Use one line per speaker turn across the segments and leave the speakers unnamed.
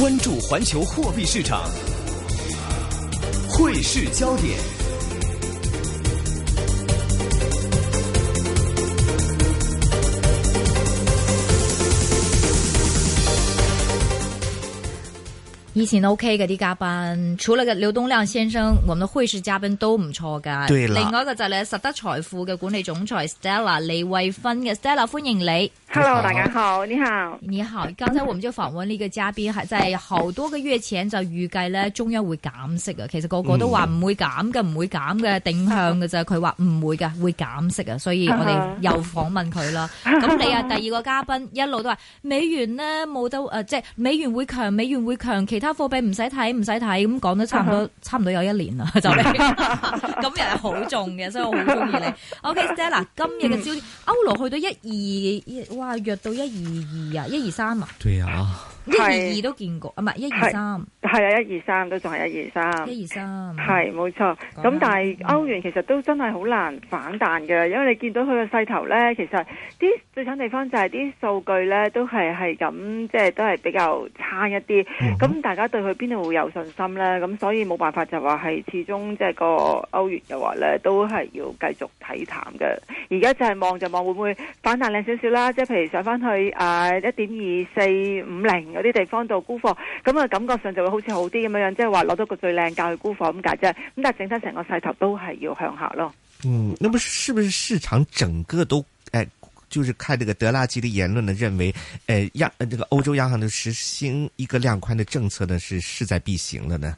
關注環球貨幣市場，匯市
焦點。以前 OK 嘅啲嘉賓，除了個劉東亮先生，我們的匯市嘉賓都唔錯噶。對啦，另外一個就係實德財富嘅管理總裁 Stella 李慧芬嘅 Stella，歡迎你。Hello，大家好，你好，你好。剛才我唔知訪問呢個嘉賓，係、就、在、是、好多個月前就預計咧中央會減息啊。其實個個都話唔會減嘅，唔會減嘅，定向嘅咋。佢話唔會嘅，會減息啊。所以我哋又訪問佢啦。咁、uh -huh. 你啊第二個嘉賓一路都話、uh -huh. 美元呢冇得誒、呃，即係美元會強，美元會強，其他貨幣唔使睇，唔使睇。咁講得差唔多，uh -huh. 差唔多有一年啦，就嚟。咁又係好重嘅，所以我好中意你。OK，Stella，、okay, 今日嘅焦點，歐、嗯、羅去到一二。哇，約到一二二啊，一二三啊？對啊，一二二都見過，唔係一二三。
係啊，1, 2, 3, 是 1, 2, K23, 是一二三都仲係一二三，一二三係冇錯。咁但係歐元其實都真係好難反彈嘅，因為你見到佢嘅勢頭呢，其實啲最慘地方就係啲數據呢都係係咁，即係、就是、都係比較差一啲。咁、mm -hmm. 大家對佢邊度會有信心呢？咁所以冇辦法就話係始終即係個歐元嘅話呢都係要繼續睇淡嘅。而家就係望就望會唔會反彈靚少少啦？即係譬如上返去啊一點二四五零嗰啲地方度沽貨，咁、那、啊、個、感覺上就會好。好似好啲咁樣樣，即係話攞到個最靚價去沽房咁解啫。咁但係整親成個勢頭都係要向下咯。嗯，
那麼是不是市場整個都誒、呃，就是看這個德拉基的言論呢？認為誒、央，呃呃、這個歐洲央行的實行一個量寬的政策呢，是勢在必行了呢？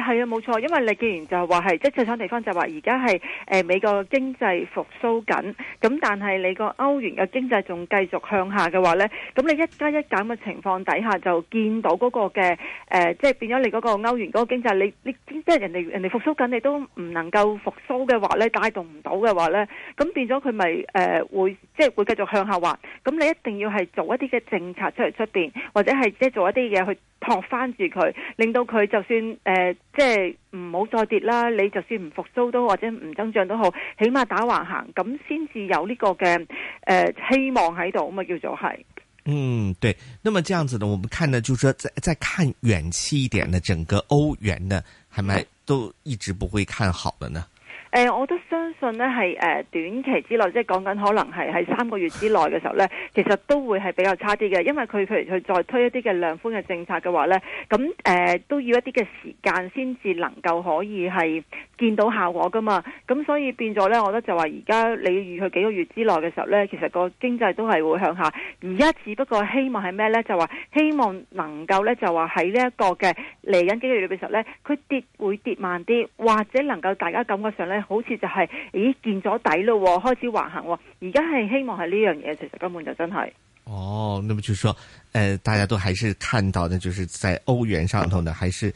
係啊，冇錯，因為你既然就話話係，即係最慘地方就係話，而家係誒美國經濟復蘇緊，咁但係你個歐元嘅經濟仲繼續向下嘅話咧，咁你一加一減嘅情況底下就見到嗰個嘅誒，即、呃、係、就是、變咗你嗰個歐元嗰個經濟，你你即係、就是、人哋人哋復蘇緊，你都唔能夠復蘇嘅話咧，帶動唔到嘅話咧，咁變咗佢咪誒會即係、就是、會繼續向下滑，咁你一定要係做一啲嘅政策出嚟出邊，或者係即係做一啲嘢去托翻住佢，令到佢就算誒。呃即係唔好再跌啦，你就算唔復甦都或者唔增長都好，起碼打橫行咁先至有呢個嘅誒希望喺度啊嘛，叫做係。嗯，
對。那麼這樣子呢，我們看呢，就說再在，在看遠期一點呢，整個歐元呢，係咪都一直不會看好的呢？
誒、呃，我都相信呢，係誒、呃、短期之內，即係講緊可能係喺三個月之內嘅時候呢，其實都會係比較差啲嘅，因為佢譬如佢再推一啲嘅量寬嘅政策嘅話呢，咁誒、呃、都要一啲嘅時間先至能夠可以係見到效果噶嘛，咁所以變咗呢，我覺得就話而家你要預佢幾個月之內嘅時候呢，其實個經濟都係會向下，而家只不過希望係咩呢？就話希望能夠呢，就話喺呢一個嘅嚟緊幾個月嘅時候呢，佢跌會跌慢啲，或者能夠大家感覺上呢。好似就係、是、咦見咗底咯，開始橫行，而家係希望係呢樣嘢，其實根本就真係。
哦，那麼就是說，誒、呃，大家都還是看到，呢，就是在歐元上頭呢，還是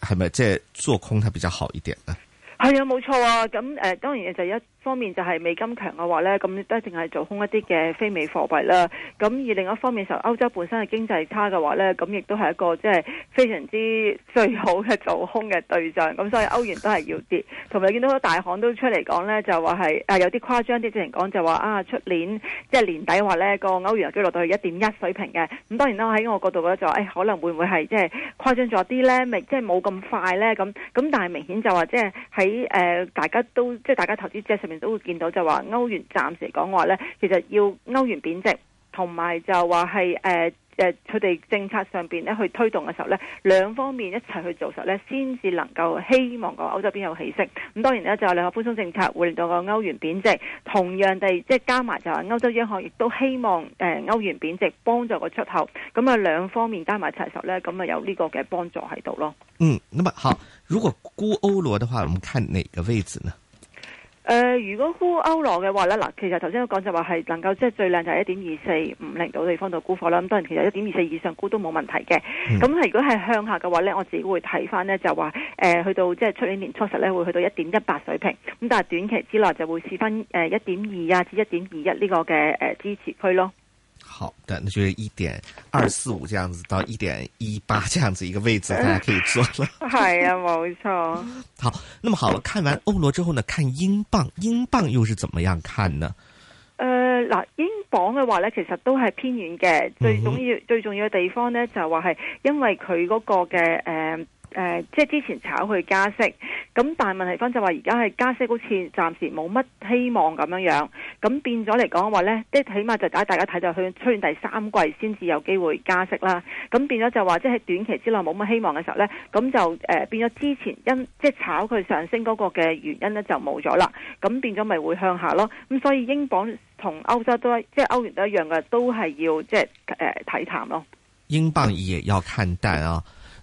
係咪？即係做空它比較好一點呢？
係啊，冇錯啊。咁誒、呃，當然就是一方面就係美金強嘅話呢，咁都淨係做空一啲嘅非美貨幣啦。咁而另一方面就歐洲本身嘅經濟差嘅話呢，咁亦都係一個即係非常之最好嘅做空嘅對象。咁所以歐元都係要跌。同埋見到好多大行都出嚟講呢，就話係有啲誇張啲，之前講就話啊出年，即係、就是、年底話呢個歐元居落到去一點一水平嘅。咁當然啦，喺我角度覺得就話誒、哎、可能會唔會係即係誇張咗啲呢？即係冇咁快呢。咁咁但係明顯就話即係喺大家都即係、就是、大家投資都會見到就話歐元暫時講話呢，其實要歐元貶值，同埋就話係誒誒，佢哋政策上邊咧去推動嘅時候咧，兩方面一齊去做實呢，先至能夠希望個歐洲邊有起色。咁當然咧，就兩個寬鬆政策會令到個歐元貶值，同樣地即係加埋就話歐洲央行亦都希望誒歐元貶值幫助個出口。咁啊兩方面加埋一齊時候呢，咁啊有呢個嘅幫助喺度咯。嗯，
咁啊好，如果沽歐羅嘅話，我們看哪個位置呢？
誒、呃，如果沽歐羅嘅話咧，嗱，其實頭先都講就話係能夠即係最靚就係一點二四五零度地方度沽貨啦。咁當然其實一點二四以上沽都冇問題嘅。咁、嗯、係如果係向下嘅話咧，我自己會睇翻咧就話誒、呃，去到即係出年年初十咧會去到一點一八水平。咁但係短期之內就會試翻誒一點二啊至一點二一呢個嘅誒支持區咯。
好的，那就是一點二四五這樣子到一點一八這樣子一個位置，大家可以做了。
係、呃、啊，冇錯。好，
那麼好了，看完歐羅之後呢，看英鎊，英鎊又是怎麼樣看呢？
誒，嗱，英鎊嘅話呢，其實都係偏軟嘅，最重要、嗯、最重要嘅地方呢就係話係因為佢嗰個嘅誒。呃誒、呃，即係之前炒佢加息，咁但係問題翻就話而家係加息好似暫時冇乜希望咁樣樣，咁變咗嚟講嘅話咧，即起碼就睇大家睇到佢出現第三季先至有機會加息啦，咁變咗就話即係短期之內冇乜希望嘅時候咧，咁就誒變咗之前因即係炒佢上升嗰個嘅原因咧就冇咗啦，咁變咗咪會向下咯，咁所以英鎊同歐洲都即係歐元都一樣嘅，都係要即係誒睇淡咯。
英鎊亦要看淡啊。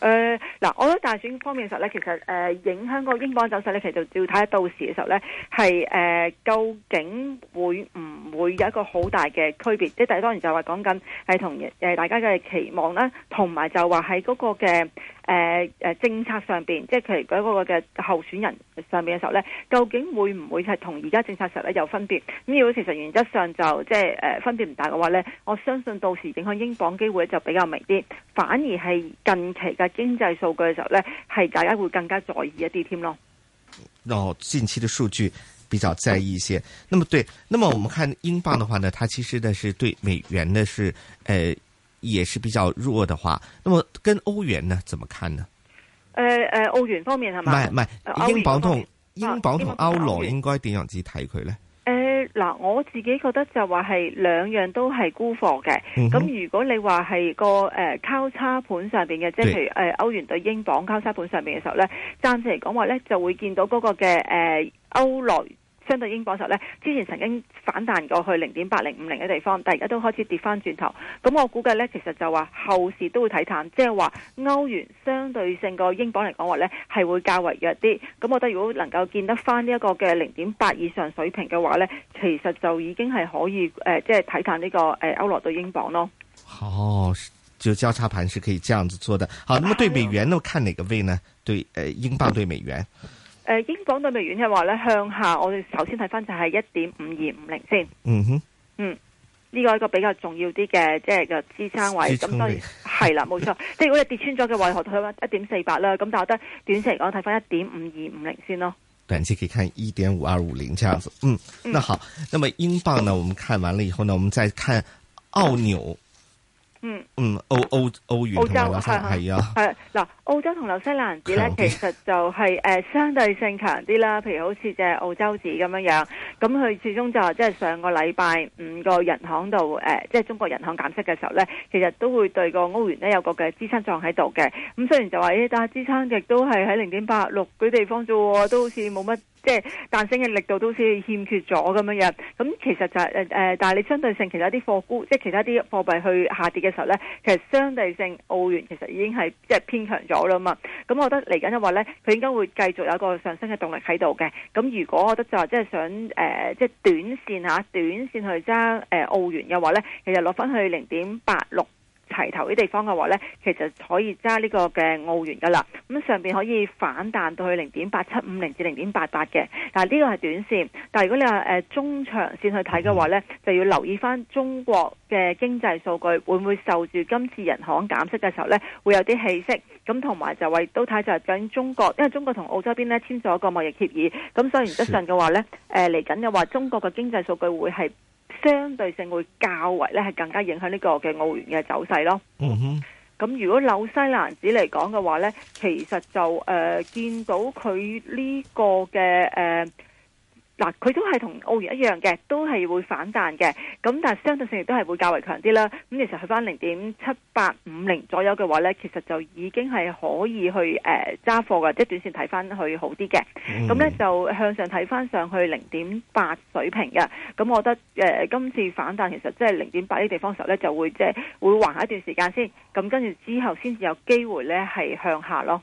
誒，嗱，我覺得大選方面嘅時候咧，其實誒影響嗰個英鎊走勢咧，其實就要睇下到時嘅時候咧，係誒究竟會唔會有一個好大嘅區別？即係當然就話講緊係同誒大家嘅期望啦，同埋就話喺嗰個嘅誒誒政策上邊，即係佢嗰個嘅候選人上邊嘅時候咧，究竟會唔會係同而家政策實咧有分別？咁如果其實原則上就即係誒分別唔大嘅話咧，我相信到時影響英鎊機會咧就比較微啲，反而係近期嘅。經濟數據嘅時候咧，
係大家會更加在意一啲添咯。然、哦、後近期的數據比較在意一些。那麼對，那麼我們看英鎊的話呢，它其實呢是對美元呢是誒、呃、也是比較弱的話。那麼跟歐元呢，怎麼看呢？誒、
呃、誒、呃，歐元方面係咪？唔係唔係，英鎊同英鎊同歐羅、啊、同歐羅，歐羅，歐
羅應該點樣自己睇佢咧？
嗱，我自己覺得就話係兩樣都係沽貨嘅。咁、嗯、如果你話係個誒、呃、交叉盤上面嘅，即係、呃、歐元對英鎊交叉盤上面嘅時候呢，暫時嚟講話呢，就會見到嗰個嘅誒歐累。呃相對英鎊嚟講咧，之前曾經反彈過去零點八零五零嘅地方，但而家都開始跌翻轉頭。咁我估計咧，其實就話後市都會睇淡，即係話歐元相對性個英鎊嚟講話咧，係會較為弱啲。咁我覺得如果能夠見得翻呢一個嘅零點八以上水平嘅話咧，其實就已經係可以誒，即係睇淡呢個誒歐羅對英鎊咯。
好，哦，就交叉盤是可以這樣子做的。好，那麼對美元呢？看哪個位呢？對誒，英鎊對美元。嗯
誒、呃，英鎊兌美元嘅話咧，向下我哋首先睇翻就係一點五二五零先。嗯哼，嗯，呢、這個一個比較重要啲嘅，即係嘅支撐位。咁當然係啦，冇錯。 即係如果你跌穿咗嘅話，何退去翻一點四八啦。咁但係我覺得短期嚟講，睇翻一點五二五零先咯。
短期可以看一點五二五零這樣子。嗯，那好，那麼英鎊呢？我們看完了以後呢，我們再看澳紐。嗯嗯嗯，澳澳澳係啊，係
嗱，澳洲同新、啊啊、西蘭紙咧，其實就係誒相對性強啲啦。譬如好似即澳洲紙咁樣樣，咁佢始終就即係上個禮拜五個人行度誒，即、就、係、是、中國人行減息嘅時候咧，其實都會對歐個澳元咧有個嘅支撐狀喺度嘅。咁雖然就話，咦，但係支撐亦都係喺零點八六嗰地方啫，都好似冇乜。即係彈性嘅力度都好似欠缺咗咁樣樣，咁其實就誒、是、誒、呃，但係你相對性其他啲貨沽，即係其他啲貨幣去下跌嘅時候咧，其實相對性澳元其實已經係即係偏強咗啦嘛。咁我覺得嚟緊嘅話咧，佢應該會繼續有個上升嘅動力喺度嘅。咁如果我覺得就即係想誒，即、呃、係、就是、短線吓，短線去揸誒、呃、澳元嘅話咧，其實落翻去零點八六。齊頭啲地方嘅話呢，其實可以揸呢個嘅澳元噶啦，咁上邊可以反彈到去零點八七五零至零點八八嘅。但係呢個係短線，但係如果你話誒中長線去睇嘅話呢，就要留意翻中國嘅經濟數據會唔會受住今次人行減息嘅時候呢，會有啲氣息。咁同埋就為都睇就係緊中國，因為中國同澳洲邊呢簽咗個貿易協議，咁所以實質上嘅話呢，誒嚟緊嘅話，來的話中國嘅經濟數據會係。相對性會較為咧，係更加影響呢個嘅澳元嘅走勢咯。咁、嗯、如果紐西蘭紙嚟講嘅話咧，其實就誒、呃、見到佢呢個嘅誒。呃嗱，佢都係同澳元一樣嘅，都係會反彈嘅。咁但係相對性亦都係會較為強啲啦。咁其實去翻零點七八五零左右嘅話呢，其實就已經係可以去誒揸、呃、貨嘅，即係短線睇翻去好啲嘅。咁、嗯、呢就向上睇翻上去零點八水平嘅。咁我覺得誒、呃、今次反彈其實即係零點八呢地方時時候呢，就是、會即係會橫下一段時間先。咁跟住之後先至有機會呢係向下咯。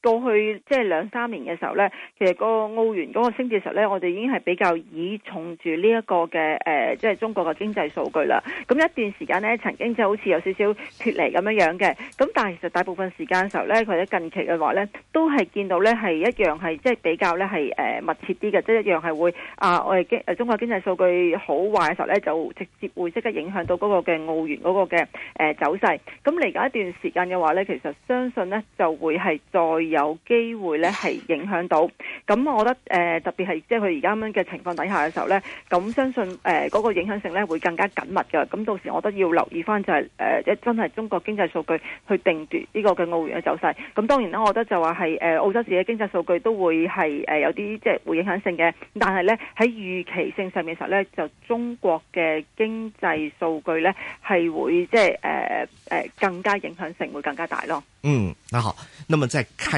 過去即係兩三年嘅時候呢，其實嗰個澳元嗰個升跌時候咧，我哋已經係比較倚重住呢一個嘅誒，即、呃、係、就是、中國嘅經濟數據啦。咁一段時間呢曾經就好似有少少脱離咁樣樣嘅。咁但係其實大部分時間嘅時候呢，或者近期嘅話呢都係見到呢係一樣係即係比較咧係誒密切啲嘅，即、就、係、是、一樣係會啊，我哋經中國經濟數據好壞嘅時候呢，就直接會即刻影響到嗰個嘅澳元嗰個嘅誒、呃、走勢。咁嚟緊一段時間嘅話呢，其實相信呢就會係再。有機會咧係影響到，咁我覺得誒、呃、特別係即係佢而家咁樣嘅情況底下嘅時候咧，咁相信誒嗰、呃、那個影響性咧會更加緊密嘅。咁到時我都要留意翻就係誒即真係中國經濟數據去定奪呢個嘅澳元嘅走勢。咁、嗯、當然啦，我覺得就話係誒澳洲自己經濟數據都會係誒、呃、有啲即係會影響性嘅，但係咧喺預期性上面嘅時候咧，就中國嘅經濟數據咧係會即係誒誒更加影響性會更加大咯。嗯，
嗱好，咁即再。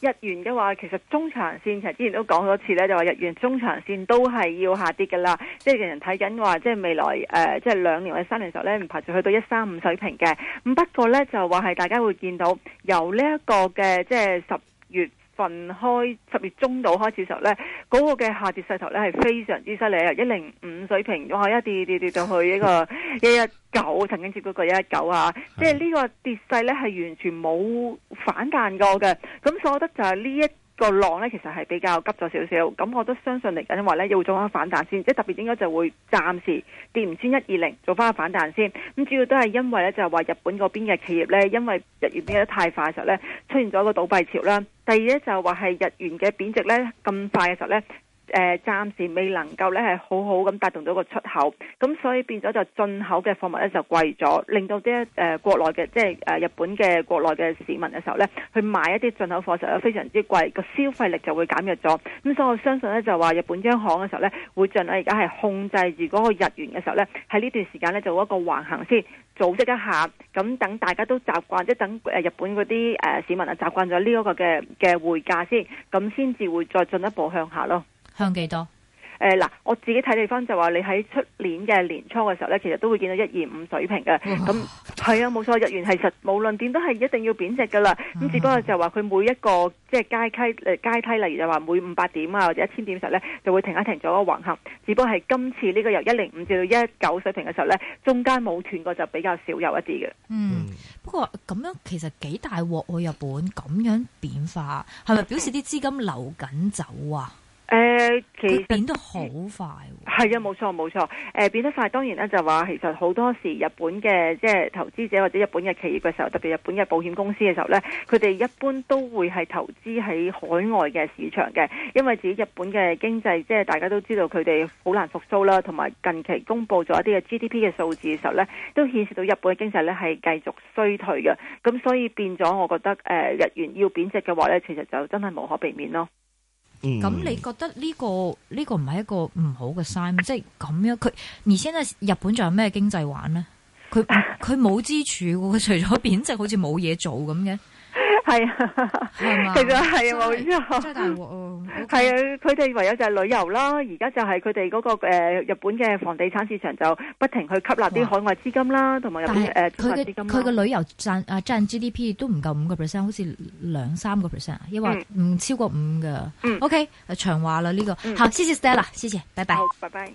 日元嘅話，其實中長線其實之前都講好多次咧，就話日元中長線都係要下跌噶啦，就是，即係人人睇緊話，即係未來誒，即係兩年或者三年時候咧，唔排除去到一三五水平嘅。咁不過咧，就話係大家會見到由呢一個嘅即係十月。分開十月中到開始時候呢，嗰、那個嘅下跌勢頭呢係非常之犀利啊！一零五水平，哇一跌跌跌到去、這、呢個一一九，119，曾經接過個一一九啊！即係呢個跌勢呢係完全冇反彈過嘅。咁所以我覺得就係呢一個浪呢，其實係比較急咗少少。咁我都相信嚟緊話呢要做翻反彈先，即係特別應該就會暫時跌唔穿一二零，做翻個反彈先。咁主要都係因為呢，就係、是、話日本嗰邊嘅企業呢，因為日元跌得太快時候呢，出現咗一個倒閉潮啦。第二咧就話係日元嘅貶值咧咁快嘅時候咧。誒，暫時未能夠咧係好好咁帶動到個出口，咁所以變咗就進口嘅貨物咧就貴咗，令到啲誒國內嘅即係誒日本嘅國內嘅市民嘅時候咧，去買一啲進口貨就非常之貴，個消費力就會減弱咗。咁所以我相信咧就話日本央行嘅時候咧，會盡量而家係控制住嗰個日元嘅時候咧，喺呢段時間咧做一個橫行先，組織一下，咁等大家都習慣，即等誒日本嗰啲誒市民啊習慣咗呢一個嘅嘅匯價先，咁先至會再進一步向下咯。向幾多少？誒、呃、嗱，我自己睇地方就話，你喺出年嘅年初嘅時候咧，其實都會見到一二五水平嘅咁係啊，冇錯，日元係實無論點都係一定要貶值噶啦。咁、嗯、只不過就話佢每一個即係階梯誒階梯，例如就話每五百點啊或者一千點時候咧，就會停一停咗個橫行。只不過係今次呢個由一零五至到一九水平嘅時候咧，中間冇斷過就比較少有一啲嘅、嗯。嗯，
不過咁樣其實幾大鑊喎、啊，日本咁樣變化係咪表示啲資金流緊走啊？ 誒、呃，其實變得好快，
係啊，冇錯冇錯。誒、呃，變得快，當然咧就話，其實好多時日本嘅即係投資者或者日本嘅企業嘅時候，特別日本嘅保險公司嘅時候咧，佢哋一般都會係投資喺海外嘅市場嘅，因為自己日本嘅經濟，即係大家都知道佢哋好難復甦啦，同埋近期公布咗一啲嘅 GDP 嘅數字嘅時候咧，都顯示到日本嘅經濟咧係繼續衰退嘅，咁所以變咗，我覺得誒、呃，日元要貶值嘅話咧，其實就真係無可避免咯。咁、嗯、你
覺得呢、這個呢、這個唔係一個唔好嘅 sign？即係咁樣，佢而家咧日本仲有咩經濟玩呢？佢佢冇支柱，佢除咗貶值好似冇嘢做咁
嘅，係 啊是吧，係
嘛，其實係冇錯，真係大鑊。
係啊，佢哋唯有就係旅遊啦。而家就係佢哋嗰個、呃、日本嘅房地產市場就不停去吸納啲海外資金啦，同埋誒吸佢嘅佢嘅旅
遊賺啊賺 GDP 都唔夠五個 percent，好似兩三個 percent，抑或唔超過五㗎、嗯。O.K. 長話啦呢、呢個、嗯。好，謝謝 Stella，謝謝，拜、嗯、拜。
拜拜。